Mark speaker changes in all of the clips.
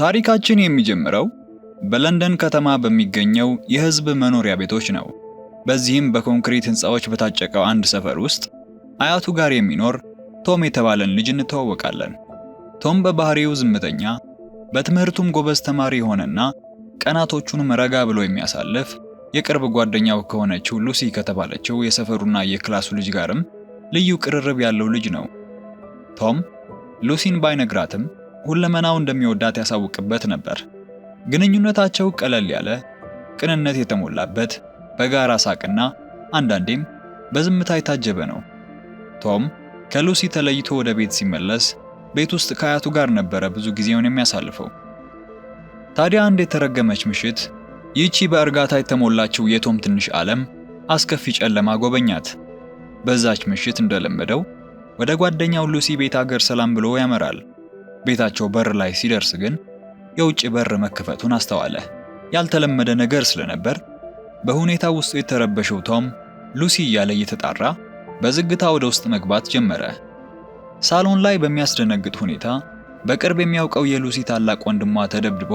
Speaker 1: ታሪካችን የሚጀምረው በለንደን ከተማ በሚገኘው የህዝብ መኖሪያ ቤቶች ነው። በዚህም በኮንክሪት ህንፃዎች በታጨቀው አንድ ሰፈር ውስጥ አያቱ ጋር የሚኖር ቶም የተባለን ልጅ እንተዋወቃለን። ቶም በባህሪው ዝምተኛ፣ በትምህርቱም ጎበዝ ተማሪ የሆነና ቀናቶቹንም ረጋ ብሎ የሚያሳልፍ የቅርብ ጓደኛው ከሆነችው ሉሲ ከተባለችው የሰፈሩና የክላሱ ልጅ ጋርም ልዩ ቅርርብ ያለው ልጅ ነው። ቶም ሉሲን ባይነግራትም ሁለመናው እንደሚወዳት ያሳውቅበት ነበር። ግንኙነታቸው ቀለል ያለ ቅንነት የተሞላበት በጋራ ሳቅና አንዳንዴም በዝምታ የታጀበ ነው። ቶም ከሉሲ ተለይቶ ወደ ቤት ሲመለስ ቤት ውስጥ ከአያቱ ጋር ነበረ ብዙ ጊዜውን የሚያሳልፈው። ታዲያ አንድ የተረገመች ምሽት ይቺ በእርጋታ የተሞላችው የቶም ትንሽ ዓለም አስከፊ ጨለማ ጎበኛት። በዛች ምሽት እንደለመደው ወደ ጓደኛው ሉሲ ቤት አገር ሰላም ብሎ ያመራል። ቤታቸው በር ላይ ሲደርስ ግን የውጭ በር መከፈቱን አስተዋለ። ያልተለመደ ነገር ስለነበር በሁኔታ ውስጥ የተረበሸው ቶም ሉሲ እያለ እየተጣራ በዝግታ ወደ ውስጥ መግባት ጀመረ። ሳሎን ላይ በሚያስደነግጥ ሁኔታ በቅርብ የሚያውቀው የሉሲ ታላቅ ወንድሟ ተደብድቦ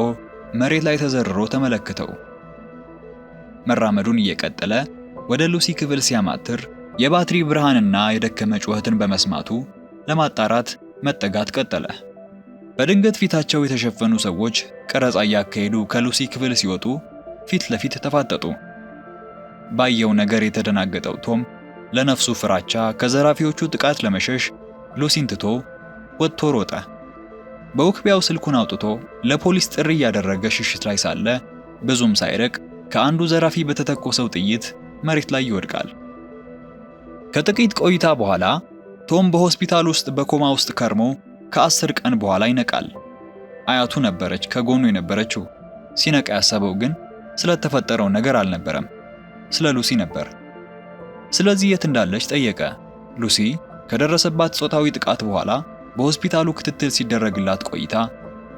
Speaker 1: መሬት ላይ ተዘርሮ ተመለከተው። መራመዱን እየቀጠለ ወደ ሉሲ ክፍል ሲያማትር የባትሪ ብርሃንና የደከመ ጩኸትን በመስማቱ ለማጣራት መጠጋት ቀጠለ። በድንገት ፊታቸው የተሸፈኑ ሰዎች ቀረጻ እያካሄዱ ከሉሲ ክፍል ሲወጡ ፊት ለፊት ተፋጠጡ። ባየው ነገር የተደናገጠው ቶም ለነፍሱ ፍራቻ ከዘራፊዎቹ ጥቃት ለመሸሽ ሉሲን ትቶ ወጥቶ ሮጠ። በውክቢያው ስልኩን አውጥቶ ለፖሊስ ጥሪ እያደረገ ሽሽት ላይ ሳለ ብዙም ሳይርቅ ከአንዱ ዘራፊ በተተኮሰው ጥይት መሬት ላይ ይወድቃል። ከጥቂት ቆይታ በኋላ ቶም በሆስፒታል ውስጥ በኮማ ውስጥ ከርሞ ከአስር ቀን በኋላ ይነቃል። አያቱ ነበረች ከጎኑ የነበረችው። ሲነቃ ያሰበው ግን ስለተፈጠረው ነገር አልነበረም፣ ስለ ሉሲ ነበር። ስለዚህ የት እንዳለች ጠየቀ። ሉሲ ከደረሰባት ጾታዊ ጥቃት በኋላ በሆስፒታሉ ክትትል ሲደረግላት ቆይታ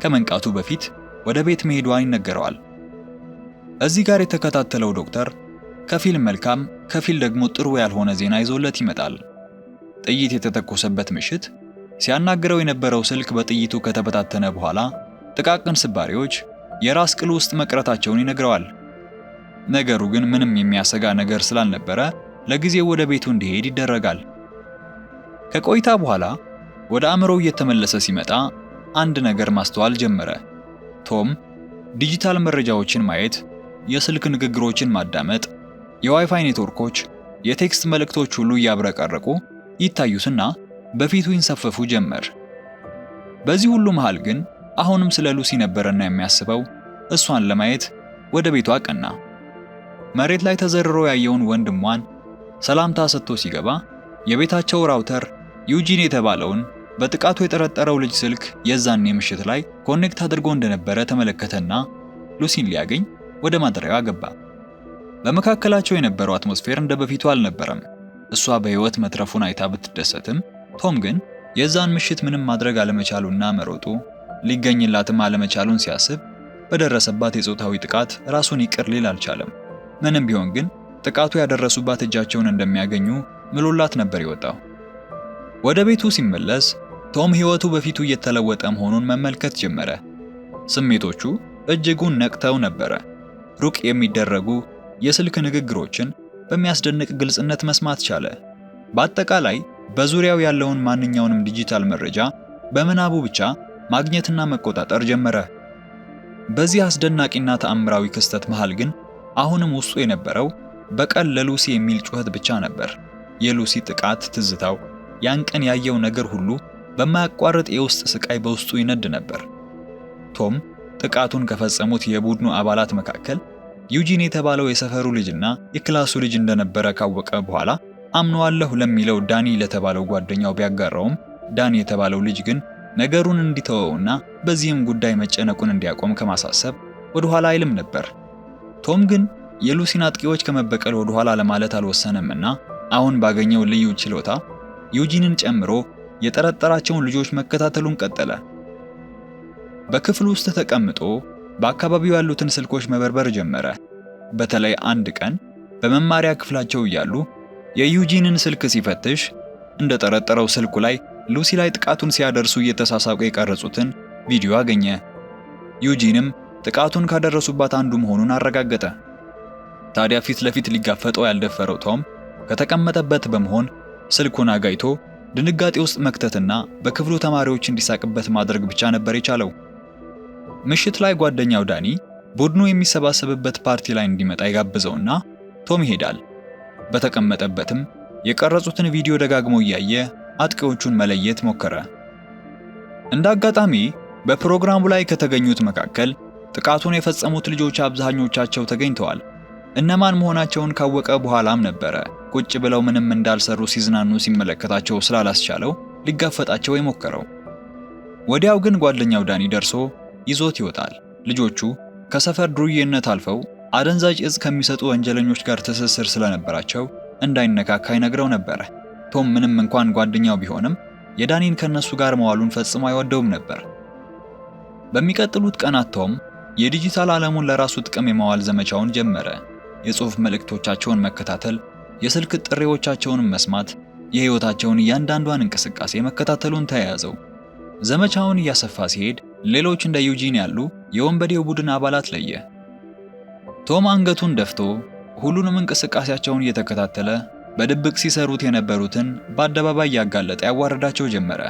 Speaker 1: ከመንቃቱ በፊት ወደ ቤት መሄዷን ይነገረዋል። እዚህ ጋር የተከታተለው ዶክተር ከፊል መልካም ከፊል ደግሞ ጥሩ ያልሆነ ዜና ይዞለት ይመጣል። ጥይት የተተኮሰበት ምሽት ሲያናግረው የነበረው ስልክ በጥይቱ ከተበታተነ በኋላ ጥቃቅን ስባሪዎች የራስ ቅል ውስጥ መቅረታቸውን ይነግረዋል። ነገሩ ግን ምንም የሚያሰጋ ነገር ስላልነበረ ለጊዜው ወደ ቤቱ እንዲሄድ ይደረጋል። ከቆይታ በኋላ ወደ አእምሮው እየተመለሰ ሲመጣ አንድ ነገር ማስተዋል ጀመረ። ቶም ዲጂታል መረጃዎችን ማየት፣ የስልክ ንግግሮችን ማዳመጥ፣ የዋይፋይ ኔትወርኮች፣ የቴክስት መልእክቶች ሁሉ እያብረቀረቁ ይታዩትና በፊቱ ይንሳፈፉ ጀመር። በዚህ ሁሉ መሃል ግን አሁንም ስለ ሉሲ ነበረና የሚያስበው እሷን ለማየት ወደ ቤቷ አቀና። መሬት ላይ ተዘርሮ ያየውን ወንድሟን ሰላምታ ሰጥቶ ሲገባ የቤታቸው ራውተር ዩጂን የተባለውን በጥቃቱ የጠረጠረው ልጅ ስልክ የዛኔ ምሽት ላይ ኮኔክት አድርጎ እንደነበረ ተመለከተና ሉሲን ሊያገኝ ወደ ማደሪያዋ ገባ። በመካከላቸው የነበረው አትሞስፌር እንደ በፊቱ አልነበረም። እሷ በሕይወት መትረፉን አይታ ብትደሰትም ቶም ግን የዛን ምሽት ምንም ማድረግ አለመቻሉና መሮጡ ሊገኝላትም አለመቻሉን ሲያስብ በደረሰባት የጾታዊ ጥቃት ራሱን ይቅር ሊል አልቻለም። ምንም ቢሆን ግን ጥቃቱ ያደረሱባት እጃቸውን እንደሚያገኙ ምሎላት ነበር የወጣው። ወደ ቤቱ ሲመለስ ቶም ሕይወቱ በፊቱ እየተለወጠ መሆኑን መመልከት ጀመረ። ስሜቶቹ እጅጉን ነቅተው ነበረ። ሩቅ የሚደረጉ የስልክ ንግግሮችን በሚያስደንቅ ግልጽነት መስማት ቻለ። በአጠቃላይ በዙሪያው ያለውን ማንኛውንም ዲጂታል መረጃ በምናቡ ብቻ ማግኘትና መቆጣጠር ጀመረ። በዚህ አስደናቂና ተአምራዊ ክስተት መሃል ግን አሁንም ውስጡ የነበረው በቀል ለሉሲ የሚል ጩኸት ብቻ ነበር። የሉሲ ጥቃት ትዝታው፣ ያን ቀን ያየው ነገር ሁሉ በማያቋርጥ የውስጥ ስቃይ በውስጡ ይነድ ነበር። ቶም ጥቃቱን ከፈጸሙት የቡድኑ አባላት መካከል ዩጂን የተባለው የሰፈሩ ልጅና የክላሱ ልጅ እንደነበረ ካወቀ በኋላ አምነዋለሁ ለሚለው ዳኒ ለተባለው ጓደኛው ቢያጋራውም ዳኒ የተባለው ልጅ ግን ነገሩን እንዲተወውና በዚህም ጉዳይ መጨነቁን እንዲያቆም ከማሳሰብ ወደኋላ አይልም ነበር። ቶም ግን የሉሲን አጥቂዎች ከመበቀል ወደኋላ ለማለት አልወሰነምና አሁን ባገኘው ልዩ ችሎታ ዩጂንን ጨምሮ የጠረጠራቸውን ልጆች መከታተሉን ቀጠለ። በክፍሉ ውስጥ ተቀምጦ በአካባቢው ያሉትን ስልኮች መበርበር ጀመረ። በተለይ አንድ ቀን በመማሪያ ክፍላቸው እያሉ የዩጂንን ስልክ ሲፈትሽ እንደጠረጠረው ስልኩ ላይ ሉሲ ላይ ጥቃቱን ሲያደርሱ እየተሳሳቁ የቀረጹትን ቪዲዮ አገኘ። ዩጂንም ጥቃቱን ካደረሱባት አንዱ መሆኑን አረጋገጠ። ታዲያ ፊት ለፊት ሊጋፈጠው ያልደፈረው ቶም ከተቀመጠበት በመሆን ስልኩን አጋይቶ ድንጋጤ ውስጥ መክተትና በክፍሉ ተማሪዎች እንዲሳቅበት ማድረግ ብቻ ነበር የቻለው። ምሽት ላይ ጓደኛው ዳኒ ቡድኑ የሚሰባሰብበት ፓርቲ ላይ እንዲመጣ ይጋብዘውና ቶም ይሄዳል። በተቀመጠበትም የቀረጹትን ቪዲዮ ደጋግሞ እያየ አጥቂዎቹን መለየት ሞከረ። እንደ አጋጣሚ በፕሮግራሙ ላይ ከተገኙት መካከል ጥቃቱን የፈጸሙት ልጆች አብዛኞቻቸው ተገኝተዋል። እነማን መሆናቸውን ካወቀ በኋላም ነበረ ቁጭ ብለው ምንም እንዳልሰሩ ሲዝናኑ ሲመለከታቸው ስላላስቻለው ሊጋፈጣቸው የሞከረው። ወዲያው ግን ጓደኛው ዳኒ ደርሶ ይዞት ይወጣል። ልጆቹ ከሰፈር ዱርዬነት አልፈው አደንዛዥ እጽ ከሚሰጡ ወንጀለኞች ጋር ትስስር ስለነበራቸው እንዳይነካካ ይነግረው ነበረ። ቶም ምንም እንኳን ጓደኛው ቢሆንም የዳኒን ከነሱ ጋር መዋሉን ፈጽሞ አይወደውም ነበር። በሚቀጥሉት ቀናት ቶም የዲጂታል ዓለሙን ለራሱ ጥቅም የማዋል ዘመቻውን ጀመረ። የጽሑፍ መልእክቶቻቸውን መከታተል፣ የስልክ ጥሪዎቻቸውንም መስማት፣ የሕይወታቸውን እያንዳንዷን እንቅስቃሴ መከታተሉን ተያያዘው። ዘመቻውን እያሰፋ ሲሄድ ሌሎች እንደ ዩጂን ያሉ የወንበዴው ቡድን አባላት ለየ። ቶም አንገቱን ደፍቶ ሁሉንም እንቅስቃሴያቸውን እየተከታተለ በድብቅ ሲሰሩት የነበሩትን በአደባባይ እያጋለጠ ያዋረዳቸው ጀመረ።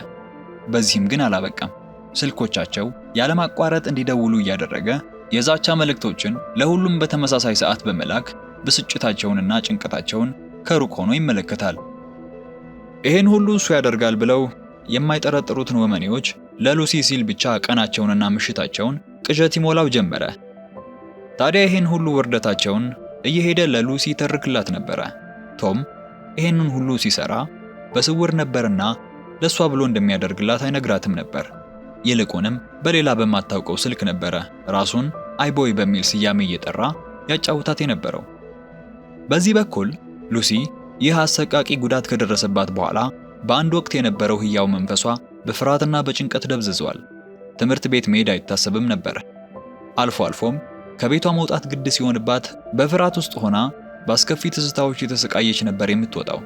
Speaker 1: በዚህም ግን አላበቃም። ስልኮቻቸው ያለማቋረጥ እንዲደውሉ እያደረገ የዛቻ መልእክቶችን ለሁሉም በተመሳሳይ ሰዓት በመላክ ብስጭታቸውንና ጭንቀታቸውን ከሩቅ ሆኖ ይመለከታል። ይህን ሁሉ እሱ ያደርጋል ብለው የማይጠረጥሩትን ወመኔዎች ለሉሲ ሲል ብቻ ቀናቸውንና ምሽታቸውን ቅዠት ይሞላው ጀመረ። ታዲያ ይህን ሁሉ ውርደታቸውን እየሄደ ለሉሲ ተርክላት ነበረ። ቶም ይህንን ሁሉ ሲሰራ በስውር ነበርና ለሷ ብሎ እንደሚያደርግላት አይነግራትም ነበር። ይልቁንም በሌላ በማታውቀው ስልክ ነበረ ራሱን አይቦይ በሚል ስያሜ እየጠራ ያጫውታት የነበረው። በዚህ በኩል ሉሲ ይህ አሰቃቂ ጉዳት ከደረሰባት በኋላ በአንድ ወቅት የነበረው ህያው መንፈሷ በፍርሃትና በጭንቀት ደብዝዟል። ትምህርት ቤት መሄድ አይታሰብም ነበር። አልፎ አልፎም ከቤቷ መውጣት ግድ ሲሆንባት በፍርሃት ውስጥ ሆና በአስከፊ ትዝታዎች የተሰቃየች ነበር የምትወጣው።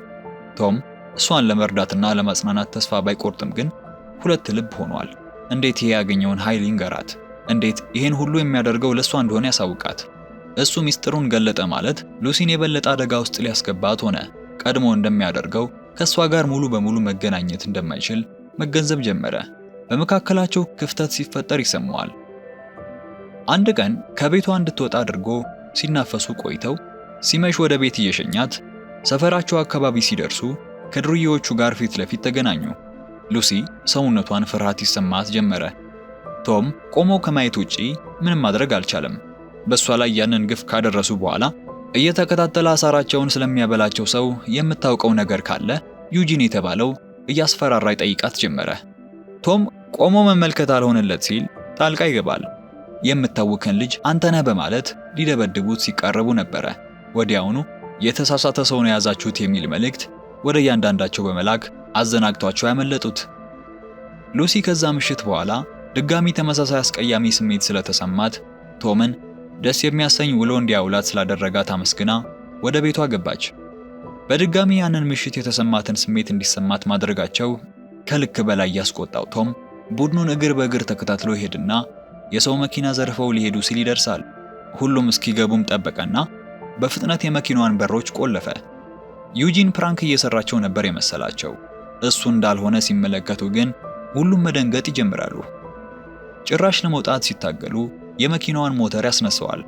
Speaker 1: ቶም እሷን ለመርዳትና ለማጽናናት ተስፋ ባይቆርጥም ግን ሁለት ልብ ሆኗል። እንዴት ይሄ ያገኘውን ኃይል ይንገራት? እንዴት ይህን ሁሉ የሚያደርገው ለእሷ እንደሆነ ያሳውቃት? እሱ ሚስጥሩን ገለጠ ማለት ሉሲን የበለጠ አደጋ ውስጥ ሊያስገባት ሆነ። ቀድሞ እንደሚያደርገው ከእሷ ጋር ሙሉ በሙሉ መገናኘት እንደማይችል መገንዘብ ጀመረ። በመካከላቸው ክፍተት ሲፈጠር ይሰማዋል። አንድ ቀን ከቤቷ እንድትወጣ አድርጎ ሲናፈሱ ቆይተው ሲመሽ ወደ ቤት እየሸኛት ሰፈራቸው አካባቢ ሲደርሱ ከድርዬዎቹ ጋር ፊት ለፊት ተገናኙ። ሉሲ ሰውነቷን ፍርሃት ይሰማት ጀመረ። ቶም ቆሞ ከማየት ውጪ ምንም ማድረግ አልቻለም። በእሷ ላይ ያንን ግፍ ካደረሱ በኋላ እየተከታተለ አሳራቸውን ስለሚያበላቸው ሰው የምታውቀው ነገር ካለ ዩጂን የተባለው እያስፈራራ ይጠይቃት ጀመረ። ቶም ቆሞ መመልከት አልሆነለት ሲል ጣልቃ ይገባል። የምታውክን ልጅ አንተነህ በማለት ሊደበድቡት ሲቃረቡ ነበረ። ወዲያውኑ የተሳሳተ ሰውን የያዛችሁት የሚል መልእክት ወደ እያንዳንዳቸው በመላክ አዘናግቷቸው ያመለጡት። ሉሲ ከዛ ምሽት በኋላ ድጋሚ ተመሳሳይ አስቀያሚ ስሜት ስለተሰማት ቶምን ደስ የሚያሰኝ ውሎ እንዲያውላት ስላደረጋት አመስግና ወደ ቤቷ ገባች። በድጋሚ ያንን ምሽት የተሰማትን ስሜት እንዲሰማት ማድረጋቸው ከልክ በላይ ያስቆጣው ቶም ቡድኑን እግር በእግር ተከታትሎ ይሄድና የሰው መኪና ዘርፈው ሊሄዱ ሲል ይደርሳል። ሁሉም እስኪገቡም ጠበቀና በፍጥነት የመኪናዋን በሮች ቆለፈ። ዩጂን ፕራንክ እየሰራቸው ነበር የመሰላቸው። እሱ እንዳልሆነ ሲመለከቱ ግን ሁሉም መደንገጥ ይጀምራሉ። ጭራሽ ለመውጣት ሲታገሉ የመኪናዋን ሞተር ያስነሳዋል።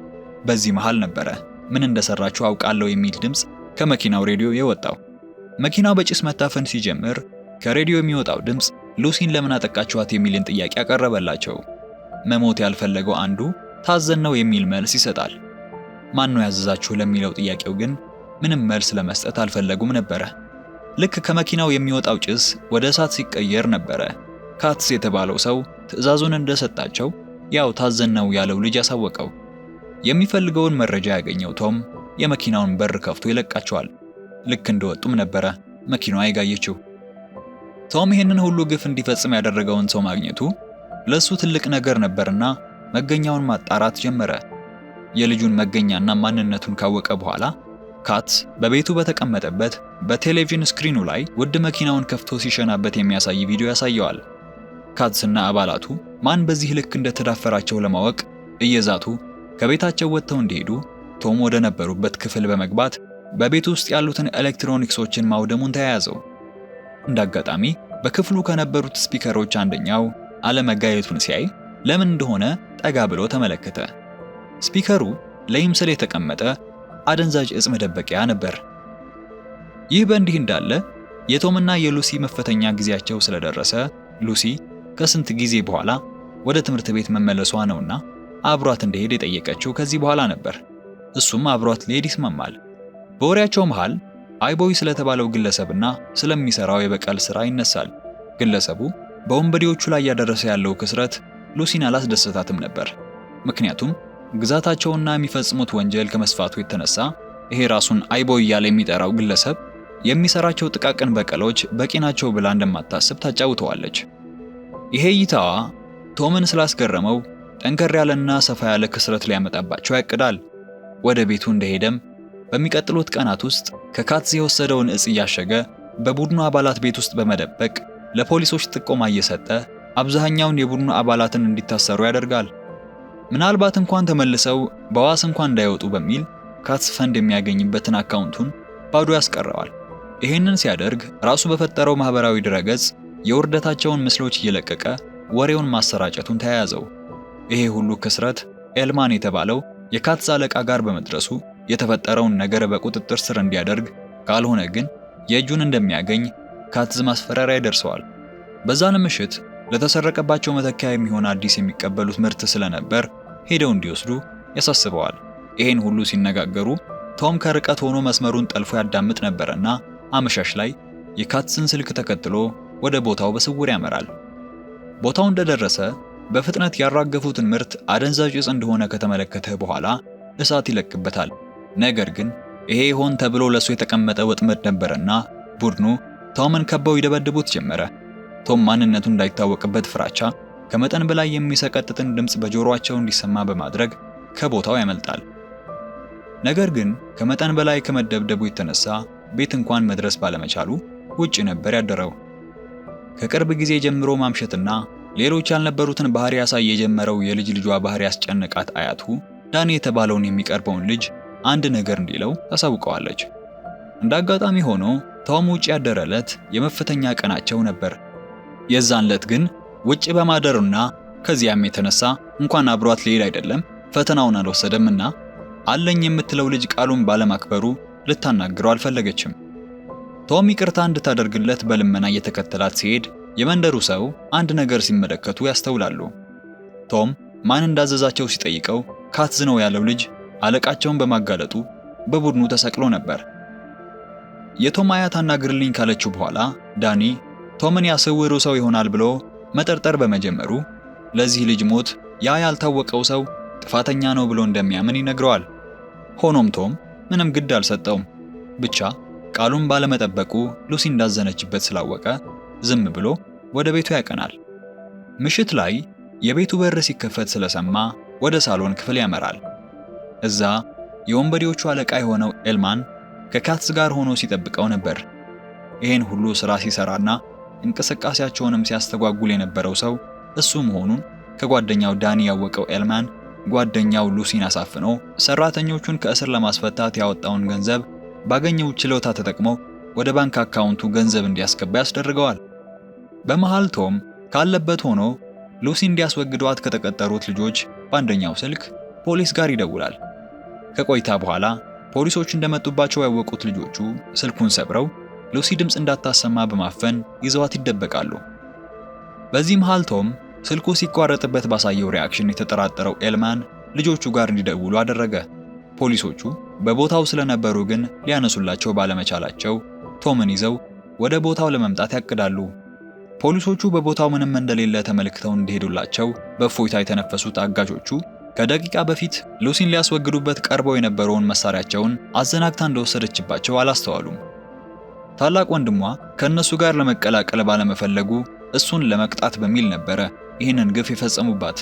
Speaker 1: በዚህ መሃል ነበረ ምን እንደሰራችሁ አውቃለሁ የሚል ድምፅ ከመኪናው ሬዲዮ የወጣው። መኪናው በጭስ መታፈን ሲጀምር ከሬዲዮ የሚወጣው ድምፅ ሉሲን ለምን አጠቃችኋት የሚልን ጥያቄ አቀረበላቸው። መሞት ያልፈለገው አንዱ ታዘን ነው የሚል መልስ ይሰጣል። ማን ነው ያዘዛችሁ ለሚለው ጥያቄው ግን ምንም መልስ ለመስጠት አልፈለጉም ነበረ። ልክ ከመኪናው የሚወጣው ጭስ ወደ እሳት ሲቀየር ነበረ ካትስ የተባለው ሰው ትዕዛዙን እንደሰጣቸው ያው ታዘን ነው ያለው ልጅ ያሳወቀው። የሚፈልገውን መረጃ ያገኘው ቶም የመኪናውን በር ከፍቶ ይለቃቸዋል። ልክ እንደወጡም ነበረ መኪናዋ የጋየችው። ቶም ይህንን ሁሉ ግፍ እንዲፈጽም ያደረገውን ሰው ማግኘቱ ለሱ ትልቅ ነገር ነበርና መገኛውን ማጣራት ጀመረ። የልጁን መገኛና ማንነቱን ካወቀ በኋላ ካት በቤቱ በተቀመጠበት በቴሌቪዥን ስክሪኑ ላይ ውድ መኪናውን ከፍቶ ሲሸናበት የሚያሳይ ቪዲዮ ያሳየዋል። ካትስና አባላቱ ማን በዚህ ልክ እንደተዳፈራቸው ለማወቅ እየዛቱ ከቤታቸው ወጥተው እንዲሄዱ ቶም ወደ ነበሩበት ክፍል በመግባት በቤት ውስጥ ያሉትን ኤሌክትሮኒክሶችን ማውደሙን ተያያዘው። እንዳጋጣሚ በክፍሉ ከነበሩት ስፒከሮች አንደኛው አለመጋየቱን ሲያይ ለምን እንደሆነ ጠጋ ብሎ ተመለከተ። ስፒከሩ ለይምሰል የተቀመጠ አደንዛዥ እጽ መደበቂያ ነበር። ይህ በእንዲህ እንዳለ የቶምና የሉሲ መፈተኛ ጊዜያቸው ስለደረሰ ሉሲ ከስንት ጊዜ በኋላ ወደ ትምህርት ቤት መመለሷ ነውና አብሯት እንዲሄድ የጠየቀችው ከዚህ በኋላ ነበር። እሱም አብሯት ሊሄድ ይስማማል። በወሬያቸው መሃል አይቦይ ስለተባለው ግለሰብና ስለሚሰራው የበቀል ስራ ይነሳል። ግለሰቡ በወንበዴዎቹ ላይ እያደረሰ ያለው ክስረት ሉሲን አላስደሰታትም ነበር። ምክንያቱም ግዛታቸውና የሚፈጽሙት ወንጀል ከመስፋቱ የተነሳ ይሄ ራሱን አይቦ እያለ የሚጠራው ግለሰብ የሚሰራቸው ጥቃቅን በቀሎች በቂ ናቸው ብላ እንደማታስብ ታጫውተዋለች። ይሄ እይታዋ ቶምን ስላስገረመው ጠንከር ያለና ሰፋ ያለ ክስረት ሊያመጣባቸው ያቅዳል። ወደ ቤቱ እንደሄደም በሚቀጥሉት ቀናት ውስጥ ከካትዝ የወሰደውን እጽ እያሸገ በቡድኑ አባላት ቤት ውስጥ በመደበቅ ለፖሊሶች ጥቆማ እየሰጠ አብዛኛውን የቡድኑ አባላትን እንዲታሰሩ ያደርጋል። ምናልባት እንኳን ተመልሰው በዋስ እንኳን እንዳይወጡ በሚል ካትስ ፈንድ የሚያገኝበትን አካውንቱን ባዶ ያስቀረዋል። ይህንን ሲያደርግ ራሱ በፈጠረው ማህበራዊ ድረገጽ የውርደታቸውን ምስሎች እየለቀቀ ወሬውን ማሰራጨቱን ተያያዘው። ይሄ ሁሉ ክስረት ኤልማን የተባለው የካትስ አለቃ ጋር በመድረሱ የተፈጠረውን ነገር በቁጥጥር ስር እንዲያደርግ ካልሆነ ግን የእጁን እንደሚያገኝ ከአትዝ ማስፈራሪያ ደርሰዋል። በዛን ምሽት ለተሰረቀባቸው መተኪያ የሚሆን አዲስ የሚቀበሉት ምርት ስለነበር ሄደው እንዲወስዱ ያሳስበዋል። ይህን ሁሉ ሲነጋገሩ ቶም ከርቀት ሆኖ መስመሩን ጠልፎ ያዳምጥ ነበርና አመሻሽ ላይ የካትስን ስልክ ተከትሎ ወደ ቦታው በስውር ያመራል። ቦታው እንደደረሰ በፍጥነት ያራገፉትን ምርት አደንዛዥ እጽ እንደሆነ ከተመለከተ በኋላ እሳት ይለቅበታል። ነገር ግን ይሄ ሆን ተብሎ ለሱ የተቀመጠ ወጥመድ ነበርና ቡድኑ ቶምን ከበው ይደበድቡት ጀመረ። ቶም ማንነቱ እንዳይታወቅበት ፍራቻ ከመጠን በላይ የሚሰቀጥጥን ድምፅ በጆሮአቸው እንዲሰማ በማድረግ ከቦታው ያመልጣል። ነገር ግን ከመጠን በላይ ከመደብደቡ የተነሳ ቤት እንኳን መድረስ ባለመቻሉ ውጭ ነበር ያደረው። ከቅርብ ጊዜ ጀምሮ ማምሸትና ሌሎች ያልነበሩትን ባህሪ ያሳይ የጀመረው የልጅ ልጇ ባህሪ ያስጨነቃት አያቱ ዳኒ የተባለውን የሚቀርበውን ልጅ አንድ ነገር እንዲለው ታሳውቀዋለች። እንደ አጋጣሚ ሆኖ ቶም ውጭ ያደረ ዕለት የመፈተኛ ቀናቸው ነበር። የዛን ዕለት ግን ውጭ በማደሩና ከዚያም የተነሳ እንኳን አብሯት ሊሄድ አይደለም ፈተናውን አልወሰደምና አለኝ የምትለው ልጅ ቃሉን ባለማክበሩ ልታናግረው አልፈለገችም። ቶም ይቅርታ እንድታደርግለት በልመና እየተከተላት ሲሄድ የመንደሩ ሰው አንድ ነገር ሲመለከቱ ያስተውላሉ። ቶም ማን እንዳዘዛቸው ሲጠይቀው ካትዝ ነው ያለው ልጅ አለቃቸውን በማጋለጡ በቡድኑ ተሰቅሎ ነበር። የቶማያ ታናግርልኝ ካለችው በኋላ ዳኒ ቶምን ያሰወረው ሰው ይሆናል ብሎ መጠርጠር በመጀመሩ ለዚህ ልጅ ሞት ያ ያልታወቀው ሰው ጥፋተኛ ነው ብሎ እንደሚያምን ይነግረዋል። ሆኖም ቶም ምንም ግድ አልሰጠውም። ብቻ ቃሉን ባለመጠበቁ ሉሲ እንዳዘነችበት ስላወቀ ዝም ብሎ ወደ ቤቱ ያቀናል። ምሽት ላይ የቤቱ በር ሲከፈት ስለሰማ ወደ ሳሎን ክፍል ያመራል። እዛ የወንበዴዎቹ አለቃ የሆነው ኤልማን ከካትስ ጋር ሆኖ ሲጠብቀው ነበር። ይህን ሁሉ ሥራ ሲሰራና እንቅስቃሴያቸውንም ሲያስተጓጉል የነበረው ሰው እሱ መሆኑን ከጓደኛው ዳኒ ያወቀው ኤልማን ጓደኛው ሉሲን አሳፍኖ ሰራተኞቹን ከእስር ለማስፈታት ያወጣውን ገንዘብ ባገኘው ችሎታ ተጠቅሞ ወደ ባንክ አካውንቱ ገንዘብ እንዲያስገባ ያስደርገዋል። በመሃል ቶም ካለበት ሆኖ ሉሲ እንዲያስወግዷት ከተቀጠሩት ልጆች በአንደኛው ስልክ ፖሊስ ጋር ይደውላል። ከቆይታ በኋላ ፖሊሶች እንደመጡባቸው ያወቁት ልጆቹ ስልኩን ሰብረው ሉሲ ድምፅ እንዳታሰማ በማፈን ይዘዋት ይደበቃሉ። በዚህ መሃል ቶም ስልኩ ሲቋረጥበት ባሳየው ሪያክሽን የተጠራጠረው ኤልማን ልጆቹ ጋር እንዲደውሉ አደረገ። ፖሊሶቹ በቦታው ስለነበሩ ግን ሊያነሱላቸው ባለመቻላቸው ቶምን ይዘው ወደ ቦታው ለመምጣት ያቅዳሉ። ፖሊሶቹ በቦታው ምንም እንደሌለ ተመልክተው እንዲሄዱላቸው በእፎይታ የተነፈሱት አጋቾቹ ከደቂቃ በፊት ሉሲን ሊያስወግዱበት ቀርበው የነበረውን መሳሪያቸውን አዘናግታ እንደወሰደችባቸው አላስተዋሉም። ታላቅ ወንድሟ ከእነሱ ጋር ለመቀላቀል ባለመፈለጉ እሱን ለመቅጣት በሚል ነበረ ይህንን ግፍ የፈጸሙባት።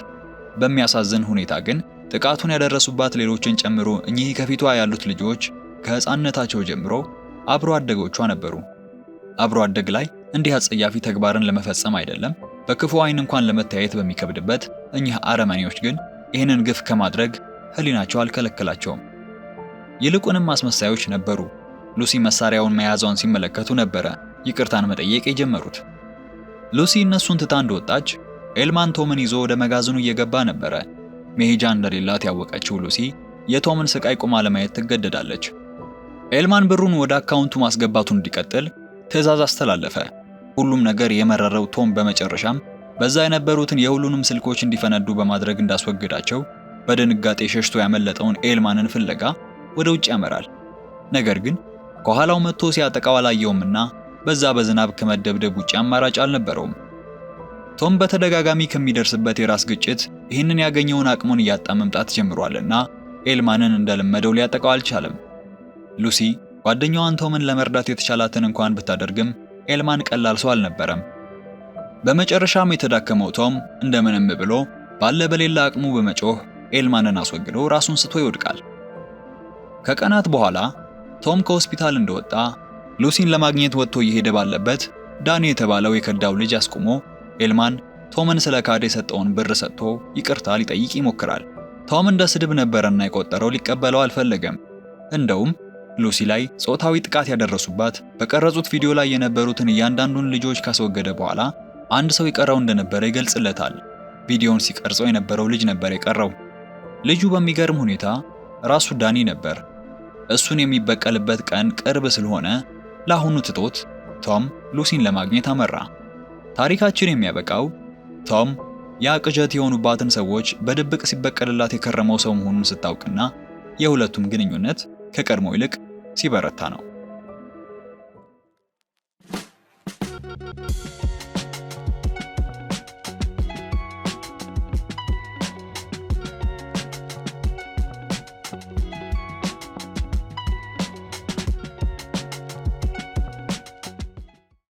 Speaker 1: በሚያሳዝን ሁኔታ ግን ጥቃቱን ያደረሱባት ሌሎችን ጨምሮ እኚህ ከፊቷ ያሉት ልጆች ከህፃንነታቸው ጀምሮ አብሮ አደጎቿ ነበሩ። አብሮ አደግ ላይ እንዲህ አጸያፊ ተግባርን ለመፈጸም አይደለም በክፉ ዓይን እንኳን ለመታየት በሚከብድበት እኚህ አረመኔዎች ግን ይህንን ግፍ ከማድረግ ህሊናቸው አልከለከላቸውም። ይልቁንም አስመሳዮች ነበሩ። ሉሲ መሳሪያውን መያዟን ሲመለከቱ ነበረ ይቅርታን መጠየቅ የጀመሩት። ሉሲ እነሱን ትታ እንደወጣች ኤልማን ቶምን ይዞ ወደ መጋዘኑ እየገባ ነበረ። መሄጃ እንደሌላት ያወቀችው ሉሲ የቶምን ስቃይ ቁማ ለማየት ትገደዳለች። ኤልማን ብሩን ወደ አካውንቱ ማስገባቱን እንዲቀጥል ትዕዛዝ አስተላለፈ። ሁሉም ነገር የመረረው ቶም በመጨረሻም በዛ የነበሩትን የሁሉንም ስልኮች እንዲፈነዱ በማድረግ እንዳስወግዳቸው በድንጋጤ ሸሽቶ ያመለጠውን ኤልማንን ፍለጋ ወደ ውጭ ያመራል። ነገር ግን ከኋላው መጥቶ ሲያጠቃው አላየውምና በዛ በዝናብ ከመደብደብ ውጭ አማራጭ አልነበረውም። ቶም በተደጋጋሚ ከሚደርስበት የራስ ግጭት ይህንን ያገኘውን አቅሙን እያጣ መምጣት ጀምሯልና ኤልማንን እንደለመደው ሊያጠቃው አልቻለም። ሉሲ ጓደኛዋን ቶምን ለመርዳት የተቻላትን እንኳን ብታደርግም ኤልማን ቀላል ሰው አልነበረም። በመጨረሻም የተዳከመው ቶም እንደምንም ብሎ ባለ በሌላ አቅሙ በመጮህ ኤልማንን አስወግዶ ራሱን ስቶ ይወድቃል። ከቀናት በኋላ ቶም ከሆስፒታል እንደወጣ ሉሲን ለማግኘት ወጥቶ እየሄደ ባለበት ዳኒ የተባለው የከዳው ልጅ አስቁሞ ኤልማን ቶምን ስለ ካድ የሰጠውን ብር ሰጥቶ ይቅርታ ሊጠይቅ ይሞክራል። ቶም እንደ ስድብ ነበረና የቆጠረው ሊቀበለው አልፈለገም። እንደውም ሉሲ ላይ ጾታዊ ጥቃት ያደረሱባት በቀረጹት ቪዲዮ ላይ የነበሩትን እያንዳንዱን ልጆች ካስወገደ በኋላ አንድ ሰው ይቀራው እንደነበረ ይገልጽለታል። ቪዲዮውን ሲቀርጸው የነበረው ልጅ ነበር የቀረው። ልጁ በሚገርም ሁኔታ ራሱ ዳኒ ነበር። እሱን የሚበቀልበት ቀን ቅርብ ስለሆነ ለአሁኑ ትቶት ቶም ሉሲን ለማግኘት አመራ። ታሪካችን የሚያበቃው ቶም ያ ቅዠት የሆኑባትን ሰዎች በድብቅ ሲበቀልላት የከረመው ሰው መሆኑን ስታውቅና የሁለቱም ግንኙነት ከቀድሞ ይልቅ ሲበረታ ነው።